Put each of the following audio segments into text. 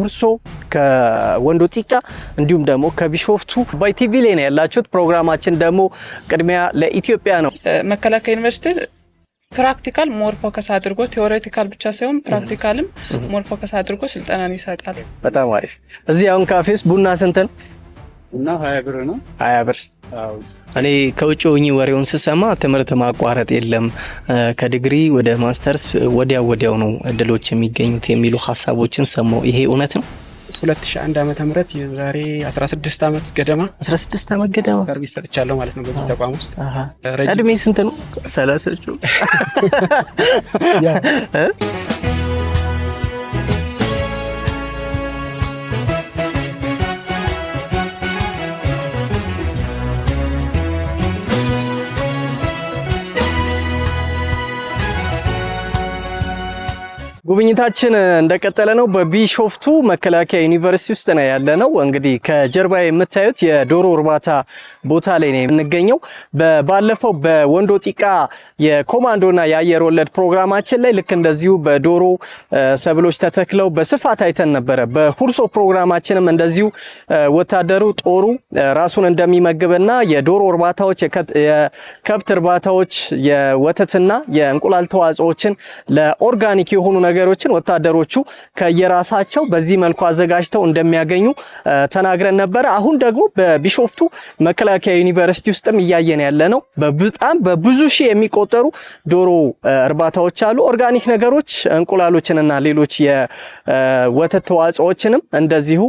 ውርሶ ከወንዶ ጢቃ እንዲሁም ደግሞ ከቢሾፍቱ አባይ ቲቪ ላይ ነው ያላችሁት። ፕሮግራማችን ደግሞ ቅድሚያ ለኢትዮጵያ ነው። መከላከያ ዩኒቨርሲቲ ፕራክቲካል ሞር ፎከስ አድርጎ ቴዎሬቲካል ብቻ ሳይሆን ፕራክቲካልም ሞር ፎከስ አድርጎ ስልጠናን ይሰጣል። በጣም አሪፍ። እዚህ አሁን ካፌስ ቡና ስንት ነው? እና ሀያ ብር ነው። ሀያ ብር እኔ ከውጭ ሆኜ ወሬውን ስሰማ ትምህርት ማቋረጥ የለም ከዲግሪ ወደ ማስተርስ ወዲያ ወዲያው ነው እድሎች የሚገኙት የሚሉ ሀሳቦችን ሰማው። ይሄ እውነት ነው? 2001 ዓ ም የዛሬ 16 ዓመት ገደማ 16 ዓመት ገደማ ሰርቪስ ሰጥቻለሁ ማለት ነው በዚህ ተቋም ውስጥ። እድሜ ስንት ነው? ሰላሳ ጉብኝታችን እንደቀጠለ ነው። በቢሾፍቱ መከላከያ ዩኒቨርሲቲ ውስጥ ነው ያለ ነው። እንግዲህ ከጀርባ የምታዩት የዶሮ እርባታ ቦታ ላይ ነው የምንገኘው። ባለፈው በወንዶ ጢቃ የኮማንዶና የአየር ወለድ ፕሮግራማችን ላይ ልክ እንደዚሁ በዶሮ ሰብሎች ተተክለው በስፋት አይተን ነበረ። በሁርሶ ፕሮግራማችንም እንደዚሁ ወታደሩ ጦሩ ራሱን እንደሚመግብና የዶሮ እርባታዎች፣ የከብት እርባታዎች፣ የወተትና የእንቁላል ተዋጽኦችን ለኦርጋኒክ የሆኑ ነገሮችን ወታደሮቹ ከየራሳቸው በዚህ መልኩ አዘጋጅተው እንደሚያገኙ ተናግረን ነበረ። አሁን ደግሞ በቢሾፍቱ መከላከያ ዩኒቨርሲቲ ውስጥም እያየን ያለ ነው። በጣም በብዙ ሺህ የሚቆጠሩ ዶሮ እርባታዎች አሉ። ኦርጋኒክ ነገሮች እንቁላሎችንና ሌሎች የወተት ተዋጽኦችንም እንደዚሁ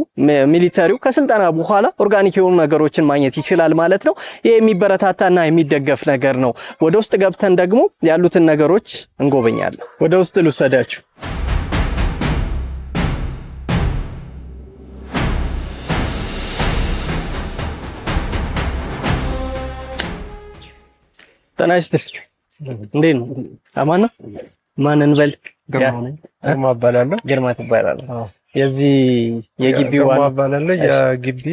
ሚሊተሪው ከስልጠና በኋላ ኦርጋኒክ የሆኑ ነገሮችን ማግኘት ይችላል ማለት ነው። ይህ የሚበረታታና የሚደገፍ ነገር ነው። ወደ ውስጥ ገብተን ደግሞ ያሉትን ነገሮች እንጎበኛለን። ወደ ውስጥ ልውሰዳችሁ። ጤና ይስጥልኝ። እንዴት ነው? አማን ነው። ማን እንበል? ግርማ እባላለሁ። ግርማ ትባላለህ። የዚህ የግቢ ግርማ እባላለሁ። የግቢ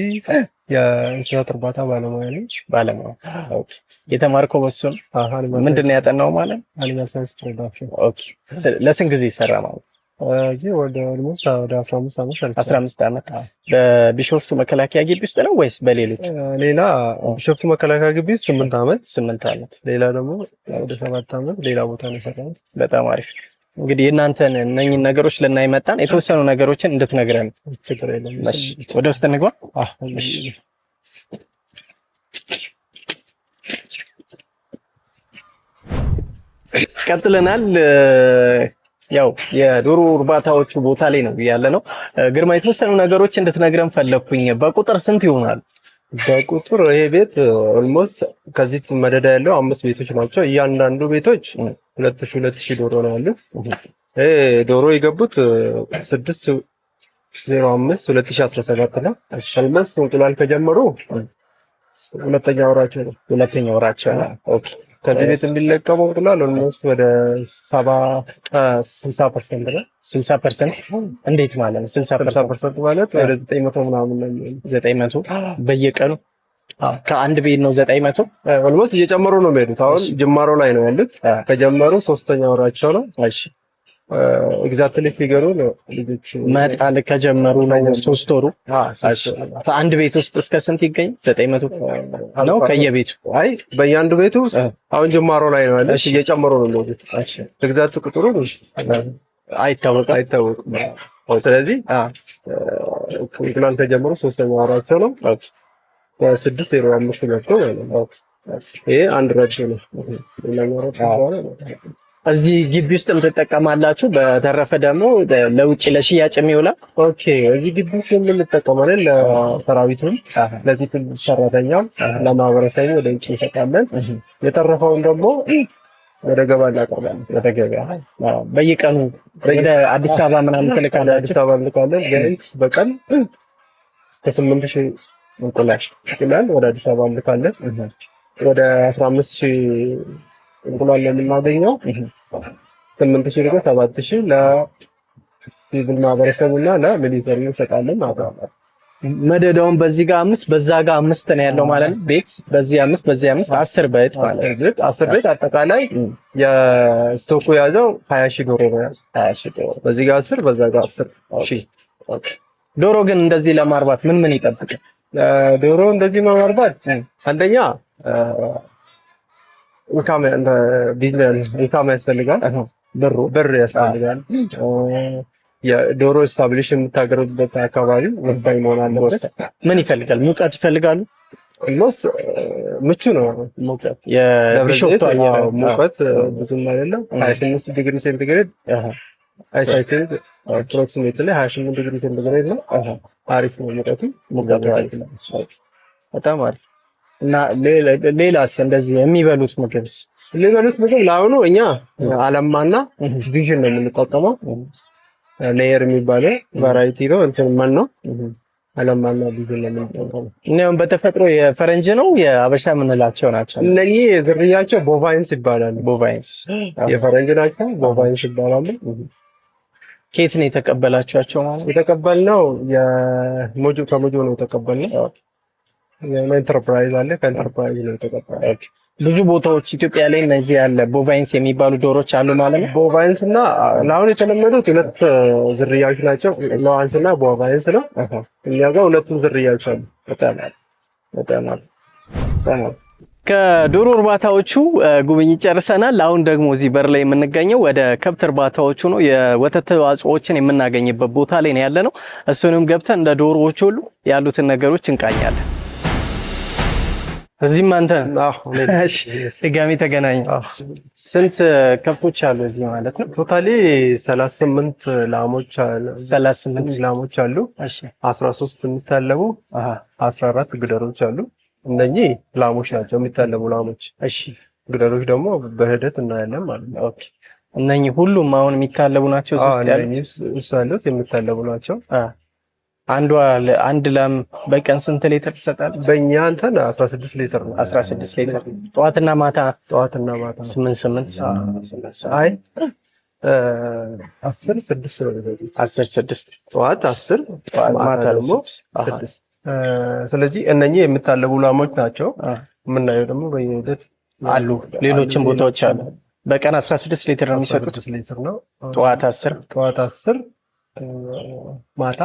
የእንስሳት እርባታ ባለሙያ ነኝ። ባለሙያ ኦኬ። የተማርከው በሱ ነው? ምንድን ነው ያጠናው ማለት? አኒማል ሳይንስ ፕሮዳክሽን። ኦኬ። ለስንት ጊዜ ይሰራ ማለት ይህ ወደ ወደ አስራ አምስት ዓመት በቢሾፍቱ መከላከያ ግቢ ውስጥ ነው ወይስ በሌሎች? ሌላ ቢሾፍቱ መከላከያ ግቢ ውስጥ ስምንት ዓመት ስምንት ዓመት ሌላ ደግሞ ወደ ሰባት ዓመት ሌላ ቦታ ነው የሰራሁት። በጣም አሪፍ። እንግዲህ እናንተን እነኝን ነገሮች ልናይ መጣን። የተወሰኑ ነገሮችን እንድትነግረን ወደ ውስጥ እንግባ። ቀጥለናል ያው የዶሮ እርባታዎቹ ቦታ ላይ ነው ያለ ነው። ግርማ የተወሰኑ ነገሮች እንድትነግረን ፈለግኩኝ። በቁጥር ስንት ይሆናሉ? በቁጥር ይሄ ቤት ኦልሞስት ከዚህ መደዳ ያለው አምስት ቤቶች ናቸው። እያንዳንዱ ቤቶች ሁለት ሺህ ሁለት ሺህ ዶሮ ነው ያሉት። ይሄ ዶሮ የገቡት ስድስት ዜሮ አምስት ሁለት ሺህ አስራ ሰባት ነው። ኦልሞስት እንቁላል ከጀመሩ ሁለተኛ ወራቸው ነው። ሁለተኛ ወራቸው ኦኬ ከዚህ ቤት የሚለቀመው ብሏል። ኦልሞስት ወደ ሰባ ስልሳ ፐርሰንት ነው። ስልሳ ፐርሰንት እንዴት ማለት ነው? ስልሳ ፐርሰንት ማለት ወደ ዘጠኝ መቶ ምናምን ዘጠኝ መቶ በየቀኑ ከአንድ ቤት ነው ዘጠኝ መቶ ኦልሞስት እየጨመሩ ነው የሚሄዱት። አሁን ጅማሮ ላይ ነው ያሉት። ከጀመሩ ሶስተኛ ወራቸው ነው። ኤግዛክትሊ ፊገሩ ልጆች መጣል ከጀመሩ ነው ሶስት ወሩ። አንድ ቤት ውስጥ እስከ ስንት ይገኝ? ዘጠኝ መቶ ነው ከየቤቱ። አይ በየአንዱ ቤት ውስጥ አሁን ጅማሮ ላይ ነው ያለ፣ እየጨመሩ ነው። ኤግዛክት ቁጥሩ አይታወቅም አይታወቅም። ስለዚህ ትናንት ከጀመሩ ሶስተኛ ወራቸው ነው። ስድስት ዜሮ አምስት ገብቶ ይሄ አንድ ረድ ነው። እዚህ ግቢ ውስጥም ትጠቀማላችሁ። በተረፈ ደግሞ ለውጭ ለሽያጭ የሚውላል። ኦኬ እዚህ ግቢ ውስጥ የምንጠቀመለን ለሰራዊቱም፣ ለዚህ ሰራተኛም፣ ለማህበረሰቡ ወደ ውጭ እንሰጣለን። የተረፈውን ደግሞ ወደ ገበያ እናቀርባለን። ወደ ገበያ በየቀኑ ወደ አዲስ አበባ ምናምን ትልካላችሁ። አዲስ አበባ እንልካለን። ቢያንስ በቀን እስከ ስምንት ሺህ እንቁላል እንቁላል ወደ አዲስ አበባ እንልካለን። ወደ አስራ አምስት ሺህ እንቁላል የምናገኘው ስምንት ሺህ ብር ሰባት ሺ ለሲቪል ማህበረሰቡ እና ለሚሊተሪ እንሰጣለን ማለት ነው። መደዳውን በዚህ ጋር አምስት በዛ ጋር አምስት ነው ያለው ማለት ነው። ቤት በዚህ አምስት በዚህ አምስት አስር ቤት ማለት አስር ቤት አጠቃላይ የስቶኩ የያዘው ሀያ ሺህ ዶሮ ነው የያዘው ሀያ ሺህ ዶሮ በዚህ ጋር አስር በዛ ጋር አስር ሺህ ዶሮ ግን እንደዚህ ለማርባት ምን ምን ይጠብቃል? ዶሮ እንደዚህ ለማርባት አንደኛ ኢንካም ያስፈልጋል፣ ብር ያስፈልጋል። የዶሮ ስታብሊሽ የምታገሩበት አካባቢ ወሳኝ መሆን አለበት። ምን ይፈልጋል? ሙቀት ይፈልጋሉ። ስ ምቹ ነው። የቢሾፍቱ ሙቀት ብዙም አይደለም። ሀያ ዲግሪ ሴንቲግሬድ ላይ 28 ዲግሪ ሴንቲግሬድ ነው። አሪፍ ነው ሙቀቱ። በጣም አሪፍ እና ሌላስ እንደዚህ የሚበሉት ምግብስ? የሚበሉት ምግብ ለአሁኑ እኛ አለማና ቪዥን ነው የምንጠቀመው። ሌየር የሚባለው ቫራይቲ ነው እንትን መን ነው አለማና ቪዥን ነው የምንጠቀመው። እኒም በተፈጥሮ የፈረንጅ ነው የአበሻ የምንላቸው ናቸው። እነኚህ ዝርያቸው ቦቫይንስ ይባላሉ። ቦቫይንስ የፈረንጅ ናቸው፣ ቦቫይንስ ይባላሉ። ከየት ነው የተቀበላችኋቸው? ማለት የተቀበልነው ከሞጆ ነው የተቀበልነው ኤንተርፕራይዝ አለ። ከኤንተርፕራይዝ ነው የተቀጠረች። ብዙ ቦታዎች ኢትዮጵያ ላይ እነዚህ ያለ ቦቫይንስ የሚባሉ ዶሮች አሉ ማለት ነው። ቦቫይንስ እና ለአሁን የተለመዱት ሁለት uh, ዝርያዎች ናቸው። ለዋንስ እና ቦቫይንስ ነው። እኛ ጋር ሁለቱም ዝርያዎች አሉ። በጣም በጣም በጣም ከዶሮ እርባታዎቹ uh, ጉብኝት ጨርሰናል። አሁን ደግሞ እዚህ በር ላይ የምንገኘው ወደ ከብት እርባታዎቹ ነው። የወተት ተዋጽኦዎችን የምናገኝበት ቦታ ላይ ነው ያለ ነው። እሱንም ገብተን እንደ ዶሮዎች ሁሉ ያሉትን ነገሮች እንቃኛለን። እዚህም አንተ ድጋሚ ተገናኝ። ስንት ከብቶች አሉ እዚህ ማለት ነው? ቶታሊ ሰላሳ ስምንት ላሞች ሰላሳ ስምንት ላሞች አሉ። አስራ ሶስት የሚታለቡ አስራ አራት ግደሮች አሉ። እነኚህ ላሞች ናቸው የሚታለቡ ላሞች። እሺ ግደሮች ደግሞ በሂደት እናያለን ማለት ነው። ኦኬ እነኚህ ሁሉም አሁን የሚታለቡ ናቸው። ያሉት የሚታለቡ ናቸው። አንዷ አንድ ላም በቀን ስንት ሊትር ትሰጣለች? በእኛ እንትን 16 ሊትር ነው። 16 ሊትር ጠዋትና ማታ ጠዋትና ማታ 8 8 አይ 10 6 6 ጠዋት 10 ማታ ደግሞ 6 ስለዚህ እነኚህ የምታለቡ ላሞች ናቸው። የምናየው ደግሞ በየሂደት አሉ። ሌሎችም ቦታዎች አሉ። በቀን 16 ሊትር ነው የሚሰጡት። ጠዋት 10 ጠዋት 10 ማታ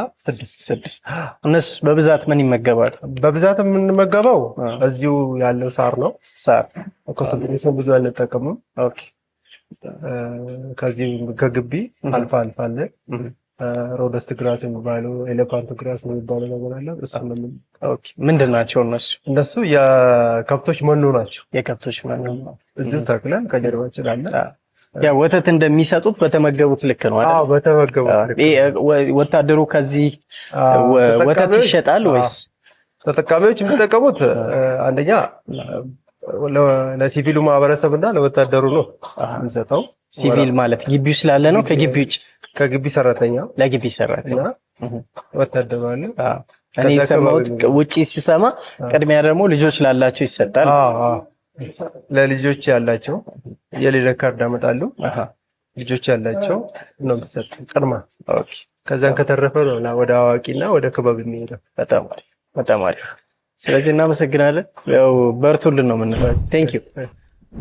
ስድስት እነሱ በብዛት ምን ይመገባል? በብዛት የምንመገበው እዚሁ ያለው ሳር ነው። ሳር ኮንሰንትሬሽን ብዙ አንጠቀምም። ከዚህ ከግቢ አልፋ አልፋ አለ ሮደስት ግራስ የሚባለው ኤሌፋንት ግራስ የሚባለው ነገር አለ። ምንድን ናቸው እነሱ? እነሱ የከብቶች መኖ ናቸው። የከብቶች መኖ እዚሁ ተክለን ከጀርባችን አለ ያ ወተት እንደሚሰጡት በተመገቡት ልክ ነው አይደል? አዎ በተመገቡት ልክ። ወታደሩ ከዚህ ወተት ይሸጣል ወይስ ተጠቃሚዎች የሚጠቀሙት አንደኛ ለሲቪሉ ማህበረሰብ እና ለወታደሩ ነው የምንሰጠው። ሲቪል ማለት ግቢው ስላለ ነው። ከግቢ ውጭ ከግቢ ሰራተኛ ለግቢ ሰራተኛ ወታደሩ አለ። እኔ የሰማሁት ውጭ ሲሰማ ቅድሚያ ደግሞ ልጆች ላላቸው ይሰጣል። ለልጆች ያላቸው የሌለ ካርድ አመጣሉ። ልጆች ያላቸው ነው የሚሰጥ ቅድማ። ከዛን ከተረፈ ነው ወደ አዋቂና ወደ ክበብ የሚሄደው። በጣም አሪፍ ስለዚህ እናመሰግናለን። ያው በርቱልን ነው የምንለው። ቴንክ ዩ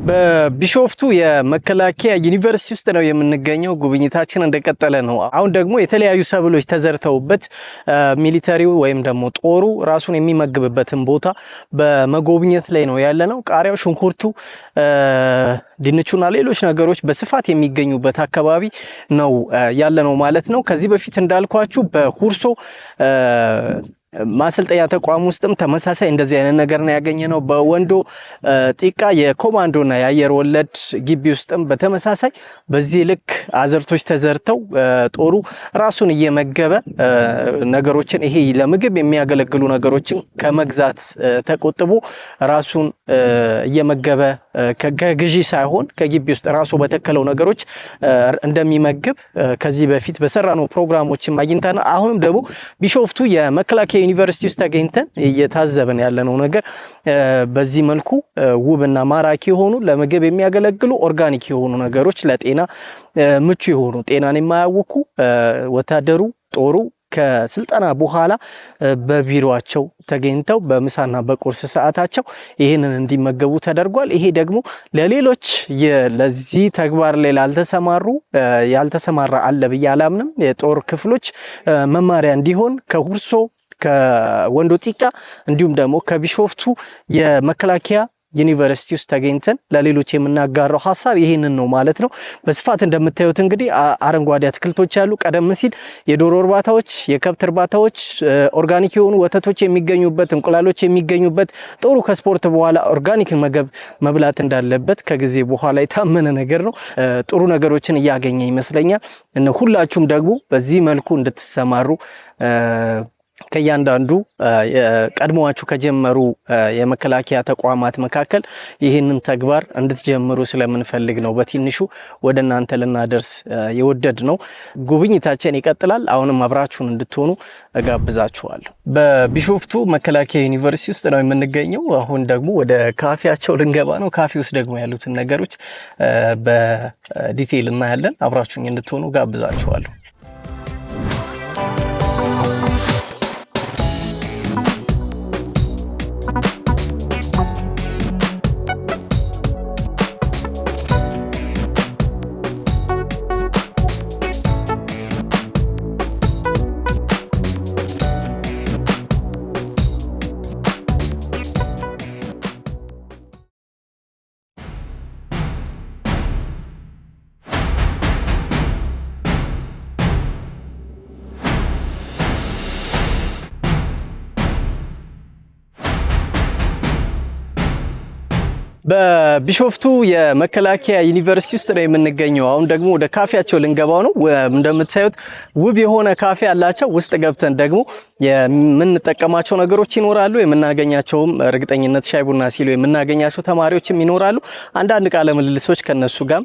በቢሾፍቱ የመከላከያ ዩኒቨርሲቲ ውስጥ ነው የምንገኘው። ጉብኝታችን እንደቀጠለ ነው። አሁን ደግሞ የተለያዩ ሰብሎች ተዘርተውበት ሚሊተሪው ወይም ደግሞ ጦሩ ራሱን የሚመግብበትን ቦታ በመጎብኘት ላይ ነው ያለ ነው። ቃሪያው፣ ሽንኩርቱ፣ ድንቹና ሌሎች ነገሮች በስፋት የሚገኙበት አካባቢ ነው ያለ ነው ማለት ነው። ከዚህ በፊት እንዳልኳችሁ በሁርሶ ማሰልጠኛ ተቋም ውስጥም ተመሳሳይ እንደዚህ አይነት ነገር ነው ያገኘ ነው። በወንዶ ጢቃ የኮማንዶና የአየር ወለድ ግቢ ውስጥም በተመሳሳይ በዚህ ልክ አዝርቶች ተዘርተው ጦሩ ራሱን እየመገበ ነገሮችን ይሄ ለምግብ የሚያገለግሉ ነገሮችን ከመግዛት ተቆጥቦ ራሱን እየመገበ ከግዢ ሳይሆን ከግቢ ውስጥ ራሱ በተከለው ነገሮች እንደሚመግብ ከዚህ በፊት በሰራነው ፕሮግራሞችን አግኝተናል። አሁንም ደግሞ ቢሾፍቱ የመከላከያ ዩኒቨርሲቲ ውስጥ ተገኝተን እየታዘብን ያለነው ነገር በዚህ መልኩ ውብና ማራኪ የሆኑ ለምግብ የሚያገለግሉ ኦርጋኒክ የሆኑ ነገሮች ለጤና ምቹ የሆኑ ጤናን የማያውኩ ወታደሩ ጦሩ ከስልጠና በኋላ በቢሮቸው ተገኝተው በምሳና በቁርስ ሰዓታቸው ይህንን እንዲመገቡ ተደርጓል። ይሄ ደግሞ ለሌሎች ለዚህ ተግባር ላይ ላልተሰማሩ ያልተሰማራ አለ ብዬ አላምንም የጦር ክፍሎች መማሪያ እንዲሆን ከሁርሶ ከወንዶ ጢቃ እንዲሁም ደግሞ ከቢሾፍቱ የመከላከያ ዩኒቨርሲቲ ውስጥ ተገኝተን ለሌሎች የምናጋራው ሀሳብ ይህንን ነው ማለት ነው። በስፋት እንደምታዩት እንግዲህ አረንጓዴ አትክልቶች ያሉ ቀደም ሲል የዶሮ እርባታዎች፣ የከብት እርባታዎች፣ ኦርጋኒክ የሆኑ ወተቶች የሚገኙበት፣ እንቁላሎች የሚገኙበት ጦሩ ከስፖርት በኋላ ኦርጋኒክ መገብ መብላት እንዳለበት ከጊዜ በኋላ የታመነ ነገር ነው። ጥሩ ነገሮችን እያገኘ ይመስለኛል። ሁላችሁም ደግሞ በዚህ መልኩ እንድትሰማሩ ከእያንዳንዱ ቀድሞዋችሁ ከጀመሩ የመከላከያ ተቋማት መካከል ይህንን ተግባር እንድትጀምሩ ስለምንፈልግ ነው በትንሹ ወደ እናንተ ልናደርስ የወደድ ነው። ጉብኝታችን ይቀጥላል። አሁንም አብራችሁን እንድትሆኑ እጋብዛችኋለሁ። በቢሾፍቱ መከላከያ ዩኒቨርሲቲ ውስጥ ነው የምንገኘው። አሁን ደግሞ ወደ ካፌያቸው ልንገባ ነው። ካፌ ውስጥ ደግሞ ያሉትን ነገሮች በዲቴይል እናያለን። አብራችሁኝ እንድትሆኑ ጋብዛችኋለሁ። ቢሾፍቱ የመከላከያ ዩኒቨርሲቲ ውስጥ ነው የምንገኘው። አሁን ደግሞ ወደ ካፌያቸው ልንገባው ነው። እንደምታዩት ውብ የሆነ ካፌ አላቸው። ውስጥ ገብተን ደግሞ የምንጠቀማቸው ነገሮች ይኖራሉ። የምናገኛቸውም እርግጠኝነት ሻይ ቡና ሲሉ የምናገኛቸው ተማሪዎችም ይኖራሉ። አንዳንድ ቃለ ምልልሶች ከነሱ ጋር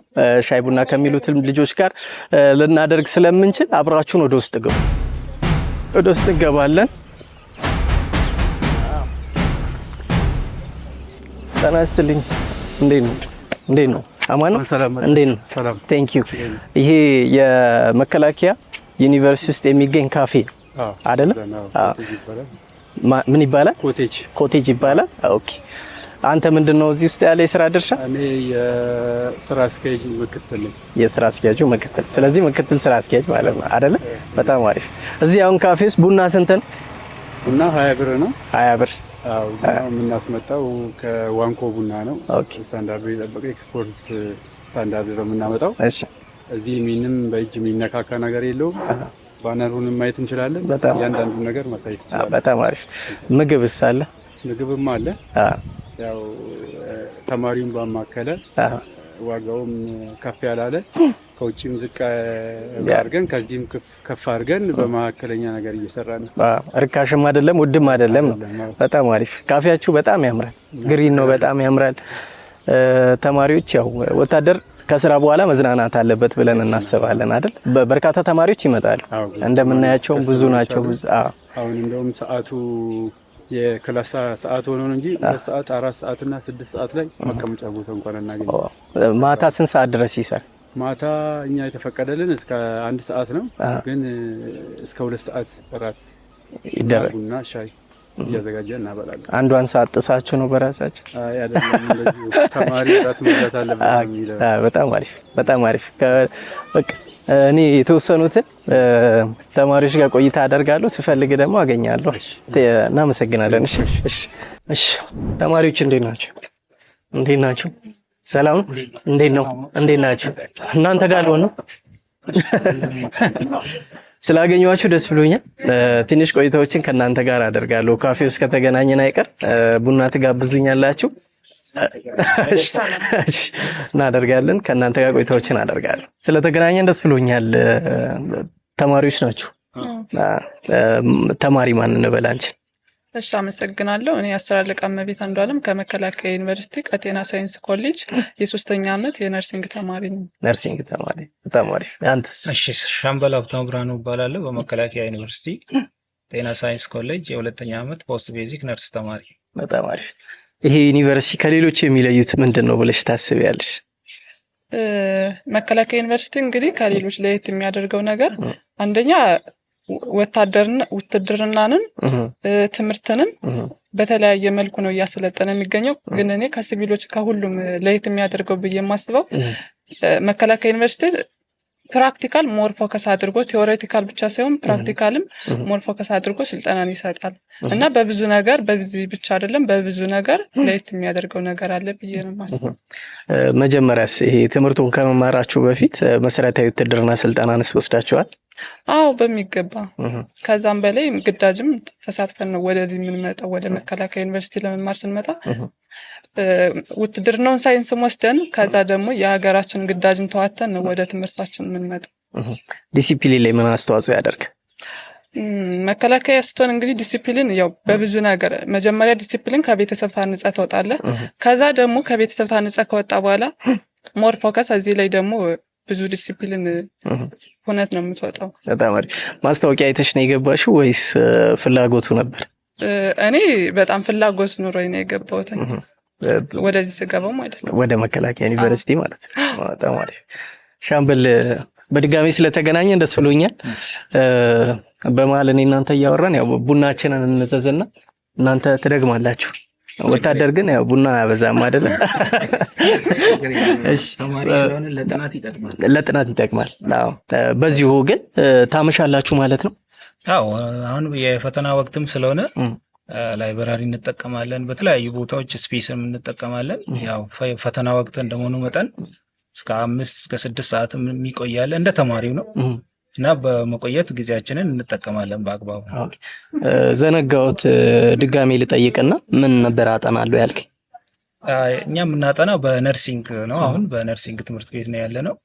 ሻይ ቡና ከሚሉት ልጆች ጋር ልናደርግ ስለምንችል አብራችሁን ወደ ውስጥ ግቡ። ወደ ውስጥ እንገባለን። ጤና ይስጥልኝ። እንዴት ነው? እንዴት ነው? አማን ነው። እንዴት ነው? ቴንክ ዩ። ይሄ የመከላከያ ዩኒቨርሲቲ ውስጥ የሚገኝ ካፌ አይደለ? ምን ይባላል? ኮቴጅ ኮቴጅ ይባላል። ኦኬ። አንተ ምንድን ነው እዚህ ውስጥ ያለ የስራ ድርሻ? እኔ የስራ አስኪያጅ ምክትል ነኝ። የስራ አስኪያጁ ምክትል። ስለዚህ ምክትል ስራ አስኪያጅ ማለት ነው አይደለ? በጣም አሪፍ። እዚህ አሁን ካፌ ውስጥ ቡና ስንት ነው? ቡና 20 ብር ነው። 20 ብር የምናስመጣው ከዋንኮ ቡና ነው። ስታንዳርዱ የጠበቀ ኤክስፖርት ስታንዳርድ ነው የምናመጣው። እዚህ ምንም በእጅ የሚነካካ ነገር የለውም። ባነሩንም ማየት እንችላለን። እያንዳንዱ ነገር ማሳየት ይችላል። በጣም አሪፍ ምግብ ሳለ ምግብም አለ ያው ተማሪውን ባማከለ ዋጋውም ከፍ ያላለ ከውጭም ዝቅ አድርገን ከዚህም ከፍ አድርገን በመካከለኛ ነገር እየሰራ ነው። እርካሽም አይደለም ውድም አይደለም ነው። በጣም አሪፍ። ካፌያችሁ በጣም ያምራል። ግሪን ነው፣ በጣም ያምራል። ተማሪዎች ያው ወታደር ከስራ በኋላ መዝናናት አለበት ብለን እናስባለን አይደል? በርካታ ተማሪዎች ይመጣሉ እንደምናያቸው ብዙ ናቸው። አሁን እንደውም ሰዓቱ የክላስ ሰዓት ሆኖ እንጂ ሁለት ሰዓት አራት ሰዓት እና ስድስት ሰዓት ላይ መቀመጫ ቦታ እንኳን እናገኝ። ማታ ስንት ሰዓት ድረስ ይሰራል? ማታ እኛ የተፈቀደልን እስከ አንድ ሰዓት ነው፣ ግን እስከ ሁለት ሰዓት በራት ይደረግ ቡና ሻይ እያዘጋጀ እናበላለን። አንዷን ሰዓት ጥሳችሁ ነው በራሳችሁ? ተማሪ ራት መብላት አለበት። በጣም አሪፍ፣ በጣም አሪፍ በቃ እኔ የተወሰኑትን ተማሪዎች ጋር ቆይታ አደርጋለሁ። ስፈልግ ደግሞ አገኛለሁ። እናመሰግናለን። እሺ ተማሪዎች እንዴት ናቸው? እንዴት ናቸው? ሰላም እንዴት ነው? እንዴት ናቸው? እናንተ ጋር ልሆን ነው። ስላገኘኋችሁ ደስ ብሎኛል። ትንሽ ቆይታዎችን ከእናንተ ጋር አደርጋለሁ። ካፌ ውስጥ ከተገናኘን አይቀር ቡና ትጋብዙኛላችሁ። እናደርጋለን። ከእናንተ ጋር ቆይታዎችን አደርጋለን። ስለተገናኘን ደስ ብሎኛል። ተማሪዎች ናችሁ። ተማሪ ማን እንበል አንቺን? እሺ አመሰግናለሁ። እኔ አስር አለቃ እመቤት አንዷለም ከመከላከያ ዩኒቨርሲቲ ከጤና ሳይንስ ኮሌጅ የሶስተኛ ዓመት የነርሲንግ ተማሪ ነው። ነርሲንግ ተማሪ በጣም አሪፍ። አንተስ? እሺ ሻምበል ሀብታሙ ብርሃኑ እባላለሁ በመከላከያ ዩኒቨርሲቲ ጤና ሳይንስ ኮሌጅ የሁለተኛ ዓመት ፖስት ቤዚክ ነርስ ተማሪ። በጣም አሪፍ ይሄ ዩኒቨርሲቲ ከሌሎች የሚለዩት ምንድን ነው ብለሽ ታስቢያለሽ? መከላከያ ዩኒቨርሲቲ እንግዲህ ከሌሎች ለየት የሚያደርገው ነገር አንደኛ ውትድርናንም ትምህርትንም በተለያየ መልኩ ነው እያሰለጠነ የሚገኘው። ግን እኔ ከሲቪሎች ከሁሉም ለየት የሚያደርገው ብዬ የማስበው መከላከያ ዩኒቨርሲቲ ፕራክቲካል ሞር ፎከስ አድርጎ ቴዎሬቲካል ብቻ ሳይሆን ፕራክቲካልም ሞር ፎከስ አድርጎ ስልጠናን ይሰጣል እና በብዙ ነገር በዚህ ብቻ አይደለም፣ በብዙ ነገር ለየት የሚያደርገው ነገር አለ ብዬ ነው የማስበው። መጀመሪያስ ይሄ ትምህርቱን ከመማራችሁ በፊት መሰረታዊ ውትድርና ስልጠናንስ ወስዳችኋል? አዎ በሚገባ ከዛም በላይ ግዳጅም ተሳትፈን ነው ወደዚህ የምንመጣው። ወደ መከላከያ ዩኒቨርሲቲ ለመማር ስንመጣ ውትድርናውን ሳይንስም ወስደን ከዛ ደግሞ የሀገራችን ግዳጅን ተዋተን ነው ወደ ትምህርታችን የምንመጣው። ዲሲፕሊን ላይ ምን አስተዋጽኦ ያደርግ? መከላከያ ስትሆን እንግዲህ ዲሲፕሊን ያው በብዙ ነገር መጀመሪያ ዲሲፕሊን ከቤተሰብ ታንጸ ተወጣለ። ከዛ ደግሞ ከቤተሰብ ታንጸ ከወጣ በኋላ ሞር ፎከስ እዚህ ላይ ደግሞ ብዙ ዲሲፕሊን እውነት ነው የምትወጣው። በጣም አሪፍ ማስታወቂያ አይተሽ ነው የገባሽው ወይስ ፍላጎቱ ነበር? እኔ በጣም ፍላጎት ኑሮ ነው የገባሁትን ወደዚህ ስገባው ማለት ነው ወደ መከላከያ ዩኒቨርሲቲ ማለት ነው። በጣም አሪፍ ሻምበል፣ በድጋሚ ስለተገናኘን ደስ ብሎኛል። በመሀል እኔ እናንተ እያወራን ያው ቡናችንን እንዘዝና እናንተ ትደግማላችሁ። ወታደር ግን ያው ቡና ያበዛም አይደለ? ለጥናት ይጠቅማል። በዚሁ ግን ታመሻላችሁ ማለት ነው? አዎ። አሁን የፈተና ወቅትም ስለሆነ ላይብራሪ እንጠቀማለን፣ በተለያዩ ቦታዎች ስፔስም እንጠቀማለን። ያው ፈተና ወቅት እንደመሆኑ መጠን እስከ አምስት እስከ ስድስት ሰዓት የሚቆያለ እንደ ተማሪው ነው። እና በመቆየት ጊዜያችንን እንጠቀማለን በአግባቡ። ዘነጋዎት ድጋሜ ልጠይቅና ምን ነበር አጠናለሁ ያልክ? እኛ የምናጠናው በነርሲንግ ነው። አሁን በነርሲንግ ትምህርት ቤት ነው ያለ ነው።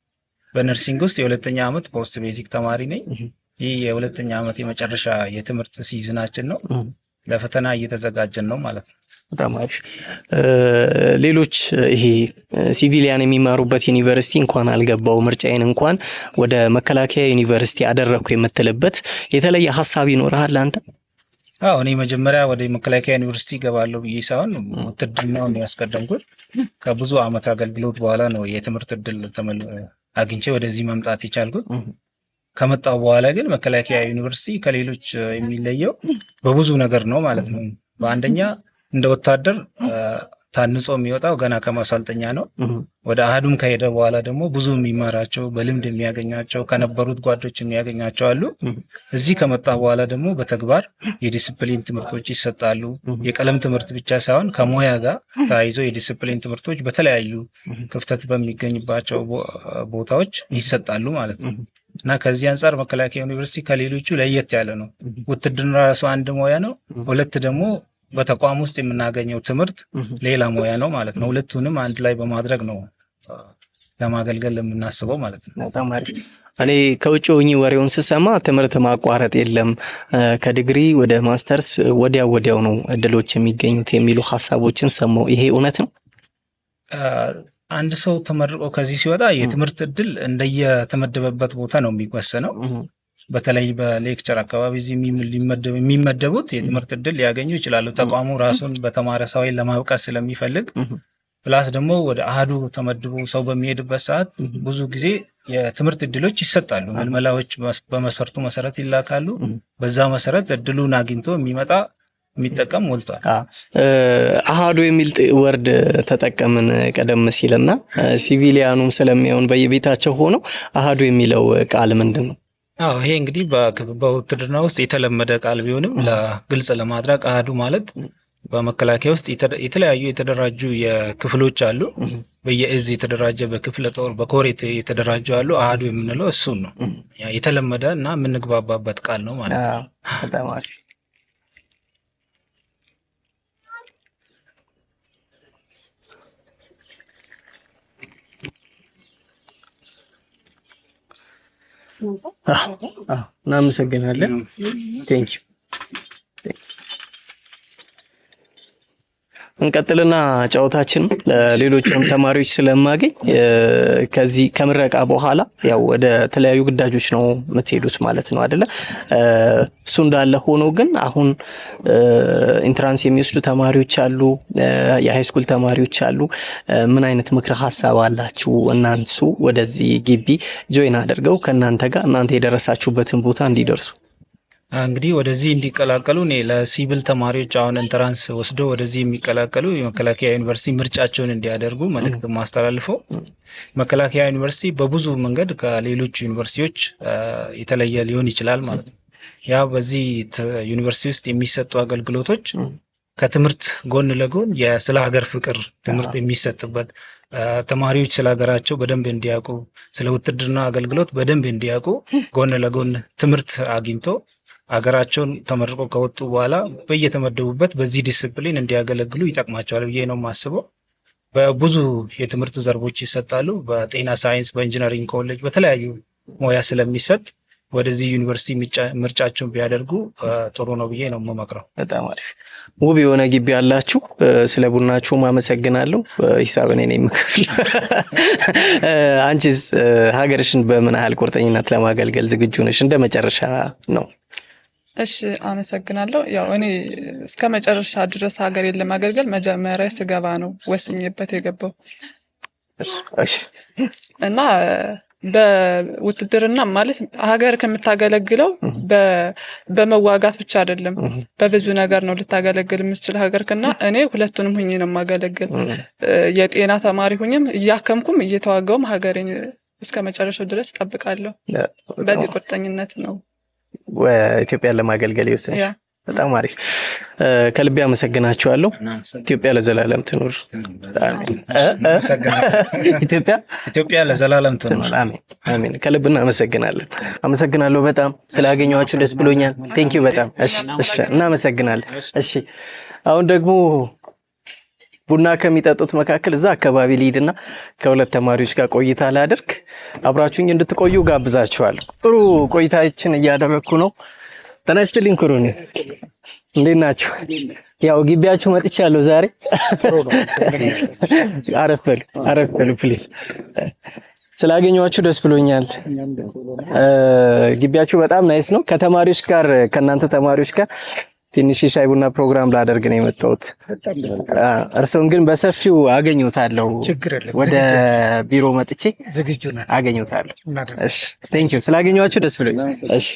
በነርሲንግ ውስጥ የሁለተኛ ዓመት ፖስት ቤዚክ ተማሪ ነኝ። ይህ የሁለተኛ ዓመት የመጨረሻ የትምህርት ሲዝናችን ነው። ለፈተና እየተዘጋጀን ነው ማለት ነው። በጣም አሪፍ። ሌሎች ይሄ ሲቪሊያን የሚማሩበት ዩኒቨርሲቲ እንኳን አልገባው ምርጫዬን እንኳን ወደ መከላከያ ዩኒቨርሲቲ አደረግኩ የምትልበት የተለየ ሀሳብ ይኖርሃል አንተ? አዎ እኔ መጀመሪያ ወደ መከላከያ ዩኒቨርሲቲ ገባለሁ ብዬ ሳይሆን ውትድርናውን ያስቀደምኩት ከብዙ አመት አገልግሎት በኋላ ነው የትምህርት እድል አግኝቼ ወደዚህ መምጣት የቻልኩት። ከመጣው በኋላ ግን መከላከያ ዩኒቨርሲቲ ከሌሎች የሚለየው በብዙ ነገር ነው ማለት ነው። በአንደኛ እንደ ወታደር ታንጾ የሚወጣው ገና ከማሰልጠኛ ነው። ወደ አህዱም ከሄደ በኋላ ደግሞ ብዙ የሚማራቸው በልምድ የሚያገኛቸው ከነበሩት ጓዶች የሚያገኛቸው አሉ። እዚህ ከመጣ በኋላ ደግሞ በተግባር የዲስፕሊን ትምህርቶች ይሰጣሉ። የቀለም ትምህርት ብቻ ሳይሆን ከሙያ ጋር ተያይዞ የዲስፕሊን ትምህርቶች በተለያዩ ክፍተት በሚገኝባቸው ቦታዎች ይሰጣሉ ማለት ነው እና ከዚህ አንጻር መከላከያ ዩኒቨርሲቲ ከሌሎቹ ለየት ያለ ነው። ውትድርና ራሱ አንድ ሙያ ነው። ሁለት ደግሞ በተቋም ውስጥ የምናገኘው ትምህርት ሌላ ሙያ ነው ማለት ነው። ሁለቱንም አንድ ላይ በማድረግ ነው ለማገልገል የምናስበው ማለት ነው። እኔ ከውጭ ሆኜ ወሬውን ስሰማ ትምህርት ማቋረጥ የለም ከዲግሪ ወደ ማስተርስ ወዲያ ወዲያው ነው እድሎች የሚገኙት የሚሉ ሀሳቦችን ሰማው ይሄ እውነት ነው? አንድ ሰው ተመርቆ ከዚህ ሲወጣ የትምህርት እድል እንደየተመደበበት ቦታ ነው የሚወሰነው። በተለይ በሌክቸር አካባቢ እዚህ የሚመደቡት የትምህርት እድል ሊያገኙ ይችላሉ። ተቋሙ ራሱን በተማረ ሰው ለማብቃት ስለሚፈልግ ፕላስ ደግሞ ወደ አህዱ ተመድቦ ሰው በሚሄድበት ሰዓት ብዙ ጊዜ የትምህርት እድሎች ይሰጣሉ። መልመላዎች በመሰርቱ መሰረት ይላካሉ። በዛ መሰረት እድሉን አግኝቶ የሚመጣ የሚጠቀም ሞልቷል። አሃዱ የሚል ወርድ ተጠቀምን ቀደም ሲልና ሲቪሊያኑም ስለሚሆን በየቤታቸው ሆነው አሃዱ የሚለው ቃል ምንድን ነው? አዎ ይሄ እንግዲህ በውትድርና ውስጥ የተለመደ ቃል ቢሆንም ለግልጽ ለማድረግ አህዱ ማለት በመከላከያ ውስጥ የተለያዩ የተደራጁ የክፍሎች አሉ። በየእዝ የተደራጀ በክፍለ ጦር በኮር የተደራጁ አሉ። አህዱ የምንለው እሱን ነው። የተለመደ እና የምንግባባበት ቃል ነው ማለት ነው። እናመሰግናለን። ቴንኪው እንቀጥልና ጨዋታችንም ለሌሎችም ተማሪዎች ስለማገኝ ከዚህ ከምረቃ በኋላ ያው ወደ ተለያዩ ግዳጆች ነው የምትሄዱት ማለት ነው አደለ? እሱ እንዳለ ሆኖ ግን አሁን ኢንትራንስ የሚወስዱ ተማሪዎች አሉ፣ የሃይስኩል ተማሪዎች አሉ። ምን አይነት ምክረ ሀሳብ አላችሁ? እናንሱ ወደዚህ ግቢ ጆይን አድርገው ከእናንተ ጋር እናንተ የደረሳችሁበትን ቦታ እንዲደርሱ እንግዲህ ወደዚህ እንዲቀላቀሉ እኔ ለሲቪል ተማሪዎች አሁን ኤንትራንስ ወስዶ ወደዚህ የሚቀላቀሉ የመከላከያ ዩኒቨርሲቲ ምርጫቸውን እንዲያደርጉ መልእክት ማስተላልፈው። መከላከያ ዩኒቨርሲቲ በብዙ መንገድ ከሌሎች ዩኒቨርሲቲዎች የተለየ ሊሆን ይችላል ማለት ነው። ያ በዚህ ዩኒቨርሲቲ ውስጥ የሚሰጡ አገልግሎቶች ከትምህርት ጎን ለጎን የስለ ሀገር ፍቅር ትምህርት የሚሰጥበት ተማሪዎች ስለ ሀገራቸው በደንብ እንዲያውቁ፣ ስለ ውትድርና አገልግሎት በደንብ እንዲያውቁ ጎን ለጎን ትምህርት አግኝቶ አገራቸውን ተመርቆ ከወጡ በኋላ በየተመደቡበት በዚህ ዲስፕሊን እንዲያገለግሉ ይጠቅማቸዋል ብዬ ነው የማስበው። በብዙ የትምህርት ዘርቦች ይሰጣሉ። በጤና ሳይንስ፣ በኢንጂነሪንግ ኮሌጅ፣ በተለያዩ ሙያ ስለሚሰጥ ወደዚህ ዩኒቨርሲቲ ምርጫቸውን ቢያደርጉ ጥሩ ነው ብዬ ነው የምመክረው። በጣም አሪፍ ውብ የሆነ ግቢ አላችሁ። ስለ ቡናችሁም አመሰግናለሁ። ሂሳብ እኔ ነው የምከፍል። አንቺስ ሀገርሽን በምን ያህል ቁርጠኝነት ለማገልገል ዝግጁ ነሽ? እንደ መጨረሻ ነው እሺ አመሰግናለሁ። ያው እኔ እስከ መጨረሻ ድረስ ሀገሬን ለማገልገል መጀመሪያ ስገባ ነው ወስኝበት የገባው እና በውትድርና ማለት ሀገር ከምታገለግለው በመዋጋት ብቻ አይደለም፣ በብዙ ነገር ነው ልታገለግል የምትችል ሀገር ክና እኔ ሁለቱንም ሁኝ ነው የማገለግል። የጤና ተማሪ ሁኝም እያከምኩም እየተዋጋውም ሀገሬን እስከ መጨረሻው ድረስ እጠብቃለሁ። በዚህ ቁርጠኝነት ነው ኢትዮጵያን ለማገልገል የወሰንሽ በጣም አሪፍ ከልቤ አመሰግናችኋለሁ። ኢትዮጵያ ለዘላለም ትኑር። ኢትዮጵያ ለዘላለም ትኑር። አሜን። ከልብ እናመሰግናለን። አመሰግናለሁ በጣም ስላገኘኋችሁ ደስ ብሎኛል። ቴንኪው በጣም እናመሰግናለን። እሺ፣ አሁን ደግሞ ቡና ከሚጠጡት መካከል እዛ አካባቢ ልሂድና ከሁለት ተማሪዎች ጋር ቆይታ ላደርግ አብራችሁኝ እንድትቆዩ ጋብዛችኋል። ጥሩ ቆይታችን እያደረግኩ ነው። ጤና ይስጥልኝ ኩሩኒ፣ እንዴት ናችሁ? ያው ግቢያችሁ መጥቻለሁ ዛሬ። አረፍ በሉ አረፍ በሉ ፕሊዝ። ስላገኘኋችሁ ደስ ብሎኛል። ግቢያችሁ በጣም ናይስ ነው። ከተማሪዎች ጋር ከእናንተ ተማሪዎች ጋር ትንሽ ሻይ ቡና ፕሮግራም ላደርግ ነው የመጣሁት። እርስዎን ግን በሰፊው አገኘታለሁ። ወደ ቢሮ መጥቼ ዝግጁ አገኘታለሁ። አገኘዎታለሁ። እሺ፣ ቴንክ ዩ ስላገኘኋችሁ ደስ ብሎኛል። እሺ፣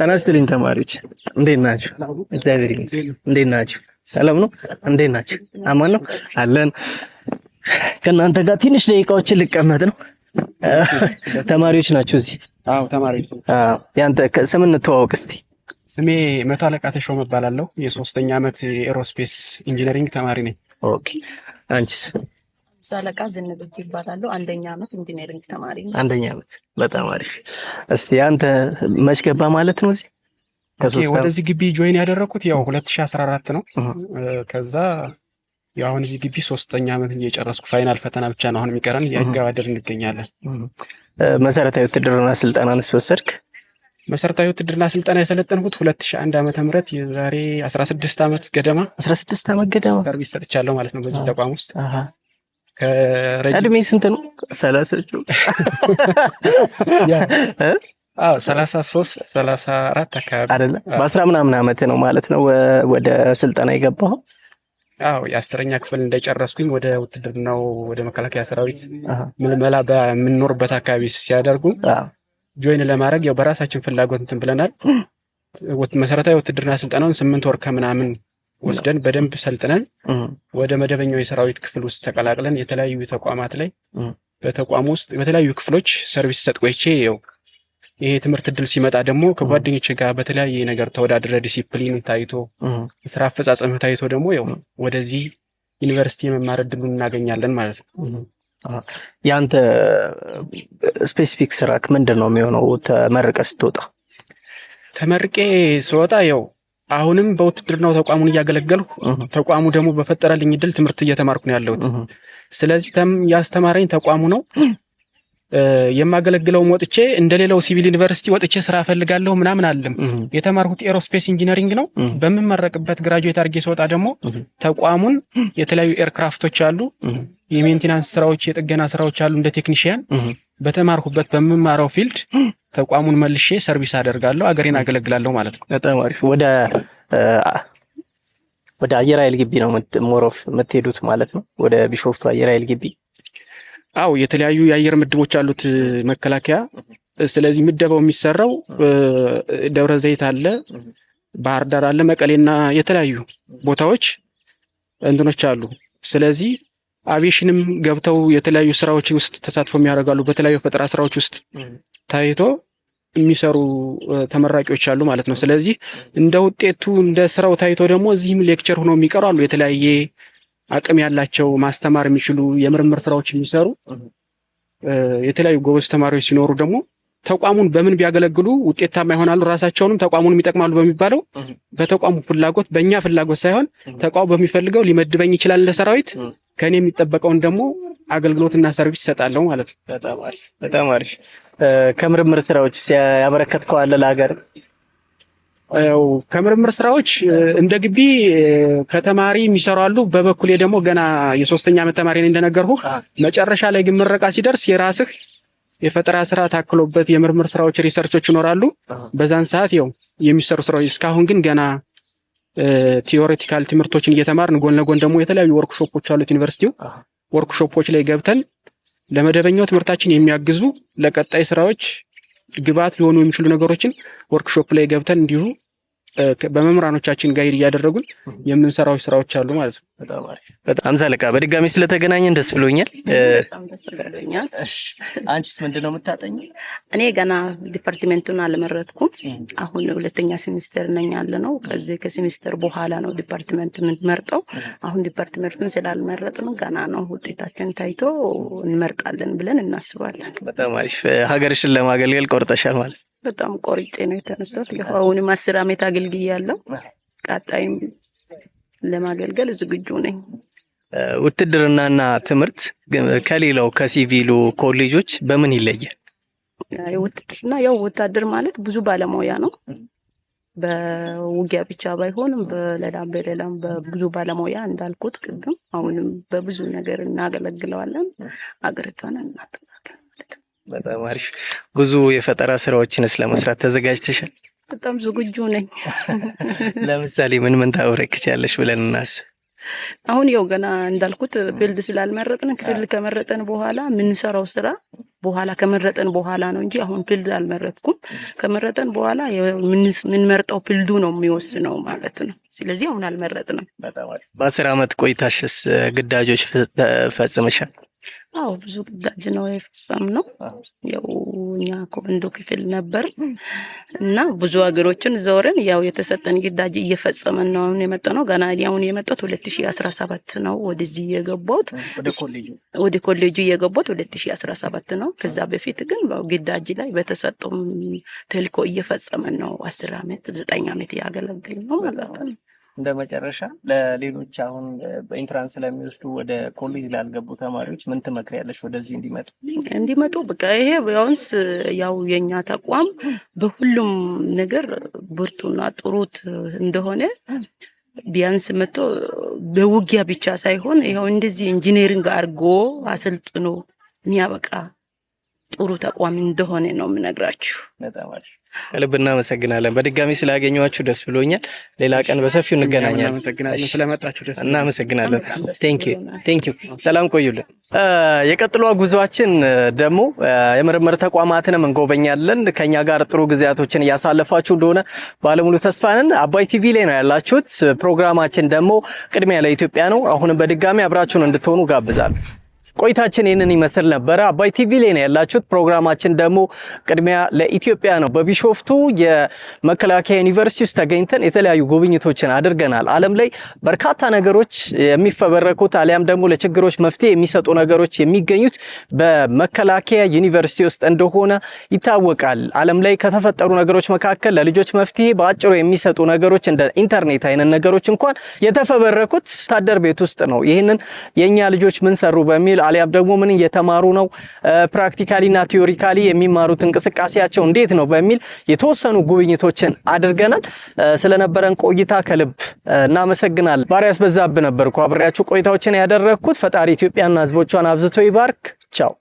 ጤና ይስጥልኝ ተማሪዎች፣ እንዴት ናችሁ? እግዚአብሔር ይመስገን። እንዴት ናችሁ? ሰላም ነው? እንዴት ናችሁ? አማን ነው አለን። ከእናንተ ጋር ትንሽ ደቂቃዎችን ልቀመጥ ነው። ተማሪዎች ናችሁ እዚህ አዎ ተማሪ ያንተ ስም እንተዋወቅ እስቲ። ስሜ መቶ አለቃ ተሾመ እባላለሁ። የሶስተኛ ዓመት ኤሮስፔስ ኢንጂነሪንግ ተማሪ ነኝ። ኦኬ አንቺስ? ሳለቃ አለቃ ዝንብት ይባላለሁ። አንደኛ ዓመት ኢንጂነሪንግ ተማሪ ነኝ። አንደኛ ዓመት በጣም አሪፍ። እስቲ አንተ መች ገባ ማለት ነው እዚህ ወደዚህ ግቢ ጆይን ያደረኩት? ያው 2014 ነው ከዛ አሁን እዚህ ግቢ ሶስተኛ ዓመት እየጨረስኩ ፋይናል ፈተና ብቻ ነው አሁን የሚቀረን፣ እያገባደር እንገኛለን። መሰረታዊ ውትድርና ስልጠናን ስወሰድክ? መሰረታዊ ውትድርና ስልጠና የሰለጠንኩት ሁለት ሺህ አንድ ዓመተ ምህረት የዛሬ አስራ ስድስት ዓመት ገደማ አስራ ስድስት ዓመት ገደማ ሰርቪስ ሰጥቻለሁ ማለት ነው በዚህ ተቋም ውስጥ። እድሜ ስንት ነው? ሰላሳ ሰላሳ ሶስት ሰላሳ አራት አካባቢ አይደለ? በአስራ ምናምን ዓመት ነው ማለት ነው ወደ ስልጠና የገባኸው? አዎ የአስረኛ ክፍል እንደጨረስኩኝ ወደ ውትድርናው ወደ መከላከያ ሰራዊት ምልመላ በምንኖርበት አካባቢ ሲያደርጉ ጆይን ለማድረግ ያው በራሳችን ፍላጎት እንትን ብለናል። መሰረታዊ ውትድርና ስልጠናውን ስምንት ወር ከምናምን ወስደን በደንብ ሰልጥነን ወደ መደበኛው የሰራዊት ክፍል ውስጥ ተቀላቅለን የተለያዩ ተቋማት ላይ በተቋሙ ውስጥ በተለያዩ ክፍሎች ሰርቪስ ሰጥ ቆይቼ ይሄ የትምህርት እድል ሲመጣ ደግሞ ከጓደኞች ጋር በተለያየ ነገር ተወዳድረ ዲሲፕሊን ታይቶ ስራ አፈጻጸም ታይቶ ደግሞ ው ወደዚህ ዩኒቨርሲቲ የመማር እድሉን እናገኛለን ማለት ነው። የአንተ ስፔሲፊክ ስራ ምንድን ነው የሚሆነው? ተመርቀ ስትወጣ? ተመርቄ ስወጣ ያው አሁንም በውትድርናው ተቋሙን እያገለገልኩ ተቋሙ ደግሞ በፈጠረልኝ እድል ትምህርት እየተማርኩ ነው ያለሁት። ስለዚህ ያስተማረኝ ተቋሙ ነው። የማገለግለውም ወጥቼ እንደሌላው ሲቪል ዩኒቨርሲቲ ወጥቼ ስራ ፈልጋለሁ ምናምን አለም። የተማርኩት ኤሮስፔስ ኢንጂነሪንግ ነው። በምመረቅበት ግራጁዌት አድርጌ ስወጣ ደግሞ ተቋሙን የተለያዩ ኤርክራፍቶች አሉ፣ የሜንቴናንስ ስራዎች፣ የጥገና ስራዎች አሉ። እንደ ቴክኒሽያን በተማርኩበት በምማረው ፊልድ ተቋሙን መልሼ ሰርቪስ አደርጋለሁ፣ አገሬን አገለግላለሁ ማለት ነው። በጣም አሪፍ። ወደ ወደ አየር ኃይል ግቢ ነው ሞሮፍ የምትሄዱት ማለት ነው፣ ወደ ቢሾፍቱ አየር ኃይል ግቢ አው የተለያዩ የአየር ምድቦች አሉት መከላከያ። ስለዚህ ምደባው የሚሰራው ደብረ ዘይት አለ፣ ባህር ዳር አለ፣ መቀሌና የተለያዩ ቦታዎች እንትኖች አሉ። ስለዚህ አቪዬሽንም ገብተው የተለያዩ ስራዎች ውስጥ ተሳትፎ ያደርጋሉ። በተለያዩ ፈጠራ ስራዎች ውስጥ ታይቶ የሚሰሩ ተመራቂዎች አሉ ማለት ነው። ስለዚህ እንደ ውጤቱ እንደ ስራው ታይቶ ደግሞ እዚህም ሌክቸር ሆኖ የሚቀሩ አሉ የተለያየ አቅም ያላቸው ማስተማር የሚችሉ የምርምር ስራዎች የሚሰሩ የተለያዩ ጎበዝ ተማሪዎች ሲኖሩ ደግሞ ተቋሙን በምን ቢያገለግሉ ውጤታማ ይሆናሉ፣ ራሳቸውንም ተቋሙንም ይጠቅማሉ በሚባለው በተቋሙ ፍላጎት በእኛ ፍላጎት ሳይሆን ተቋሙ በሚፈልገው ሊመድበኝ ይችላል ለሰራዊት ከእኔ የሚጠበቀውን ደግሞ አገልግሎትና ሰርቪስ ይሰጣለሁ ማለት ነው። በጣም አሪፍ በጣም አሪፍ። ከምርምር ስራዎች ያበረከትከዋለ ለሀገር ከምርምር ስራዎች እንደ ግቢ ከተማሪ የሚሰሩ አሉ። በበኩሌ ደግሞ ገና የሶስተኛ ዓመት ተማሪ ነኝ እንደነገርሁ። መጨረሻ ላይ ግን ምረቃ ሲደርስ የራስህ የፈጠራ ስራ ታክሎበት የምርምር ስራዎች ሪሰርቾች ይኖራሉ። በዛን ሰዓት ው የሚሰሩ ስራዎች እስካሁን ግን ገና ቲዮሬቲካል ትምህርቶችን እየተማርን ጎን ለጎን ደግሞ የተለያዩ ወርክሾፖች አሉት ዩኒቨርሲቲው። ወርክሾፖች ላይ ገብተን ለመደበኛው ትምህርታችን የሚያግዙ ለቀጣይ ስራዎች ግብአት ሊሆኑ የሚችሉ ነገሮችን ወርክሾፕ ላይ ገብተን እንዲሁ በመምህራኖቻችን ጋይድ እያደረጉን የምንሰራው ስራዎች አሉ ማለት ነው። አምሳ አለቃ በድጋሚ ስለተገናኘን ደስ ብሎኛል። አንቺስ ምንድን ነው የምታጠኝ? እኔ ገና ዲፓርትሜንቱን አልመረጥኩም። አሁን ሁለተኛ ሴሚስተር ነኝ ያለ ነው። ከዚህ ከሴሚስተር በኋላ ነው ዲፓርትመንት የምንመርጠው። አሁን ዲፓርትመንቱን ነው ገና ነው። ውጤታችን ታይቶ እንመርጣለን ብለን እናስባለን። በጣም አሪፍ። ሀገርሽን ለማገልገል ቆርጠሻል ማለት ነው። በጣም ቆርጬ ነው የተነሳሁት። አሁንም አስር አመት አገልግያለሁ። ቀጣይም ለማገልገል ዝግጁ ነኝ። ውትድርናና ትምህርት ከሌላው ከሲቪሉ ኮሌጆች በምን ይለያል? ውትድርና ያው ወታደር ማለት ብዙ ባለሙያ ነው። በውጊያ ብቻ ባይሆንም በሌላም በሌላም በብዙ ባለሙያ እንዳልኩት ቅድም፣ አሁንም በብዙ ነገር እናገለግለዋለን። አገሪቷን እናት በጣም አሪፍ። ብዙ የፈጠራ ስራዎችንስ ለመስራት ተዘጋጅተሻል? በጣም ዝግጁ ነኝ። ለምሳሌ ምን ምን ታበረክቻለሽ ብለን እናስብ። አሁን ያው ገና እንዳልኩት ፊልድ ስላልመረጥን ፊልድ ከመረጠን በኋላ የምንሰራው ስራ በኋላ ከመረጠን በኋላ ነው እንጂ አሁን ፊልድ አልመረጥኩም። ከመረጠን በኋላ የምንመርጠው ፊልዱ ነው የሚወስነው ማለት ነው። ስለዚህ አሁን አልመረጥንም። በአስር አመት ቆይታሽስ ግዳጆች ፈጽመሻል? አዎ ብዙ ግዳጅ ነው ነው። ያው እኛ ኮመንዶ ክፍል ነበር እና ብዙ ሀገሮችን ዘውረን ያው የተሰጠን ግዳጅ እየፈጸመን ነው አሁን የመጣ ነው። ገና አሁን የመጣት ሁለት ሺ አስራ ሰባት ነው ወደዚህ የገባሁት ወደ ኮሌጁ የገባሁት ሁለት ሺ አስራ ሰባት ነው። ከዛ በፊት ግን ግዳጅ ላይ በተሰጠው ተልእኮ እየፈጸመን ነው። አስር አመት ዘጠኝ አመት ያገለግል ነው ማለት ነው። እንደ መጨረሻ ለሌሎች አሁን በኢንትራንስ ስለሚወስዱ ወደ ኮሌጅ ላልገቡ ተማሪዎች ምን ትመክሪያለሽ? ወደዚህ እንዲመጡ እንዲመጡ በቃ ይሄ ቢያንስ ያው የኛ ተቋም በሁሉም ነገር ብርቱና ጥሩት እንደሆነ ቢያንስ መጥቶ በውጊያ ብቻ ሳይሆን ይኸው እንደዚህ ኢንጂነሪንግ አድርጎ አሰልጥኖ የሚያበቃ ጥሩ ተቋሚ እንደሆነ ነው የምነግራችሁ። ከልብ እናመሰግናለን። በድጋሚ ስላገኘኋችሁ ደስ ብሎኛል። ሌላ ቀን በሰፊው እንገናኛለን። እናመሰግናለን። ቴንኪው። ሰላም ቆዩልን። የቀጥሏ ጉዞችን ደግሞ የምርምር ተቋማትንም እንጎበኛለን። ከኛ ጋር ጥሩ ጊዜያቶችን እያሳለፋችሁ እንደሆነ ባለሙሉ ተስፋ ነን። አባይ ቲቪ ላይ ነው ያላችሁት። ፕሮግራማችን ደግሞ ቅድሚያ ለኢትዮጵያ ነው። አሁንም በድጋሚ አብራችሁን እንድትሆኑ ጋብዛለሁ። ቆይታችን ይህንን ይመስል ነበረ። አባይ ቲቪ ላይ ነው ያላችሁት። ፕሮግራማችን ደግሞ ቅድሚያ ለኢትዮጵያ ነው። በቢሾፍቱ የመከላከያ ዩኒቨርሲቲ ውስጥ ተገኝተን የተለያዩ ጉብኝቶችን አድርገናል። ዓለም ላይ በርካታ ነገሮች የሚፈበረኩት አሊያም ደግሞ ለችግሮች መፍትሄ የሚሰጡ ነገሮች የሚገኙት በመከላከያ ዩኒቨርሲቲ ውስጥ እንደሆነ ይታወቃል። ዓለም ላይ ከተፈጠሩ ነገሮች መካከል ለልጆች መፍትሄ በአጭሩ የሚሰጡ ነገሮች እንደ ኢንተርኔት አይነት ነገሮች እንኳን የተፈበረኩት ወታደር ቤት ውስጥ ነው። ይህንን የእኛ ልጆች ምን ሰሩ በሚል አሊያም ደግሞ ምን እየተማሩ ነው፣ ፕራክቲካሊና ቲዮሪካሊ የሚማሩት እንቅስቃሴያቸው እንዴት ነው በሚል የተወሰኑ ጉብኝቶችን አድርገናል። ስለነበረን ቆይታ ከልብ እናመሰግናለን። ባሪያስ በዛብህ ነበርኩ አብሬያችሁ ቆይታዎችን ያደረግኩት። ፈጣሪ ኢትዮጵያና ህዝቦቿን አብዝቶ ይባርክ። ቻው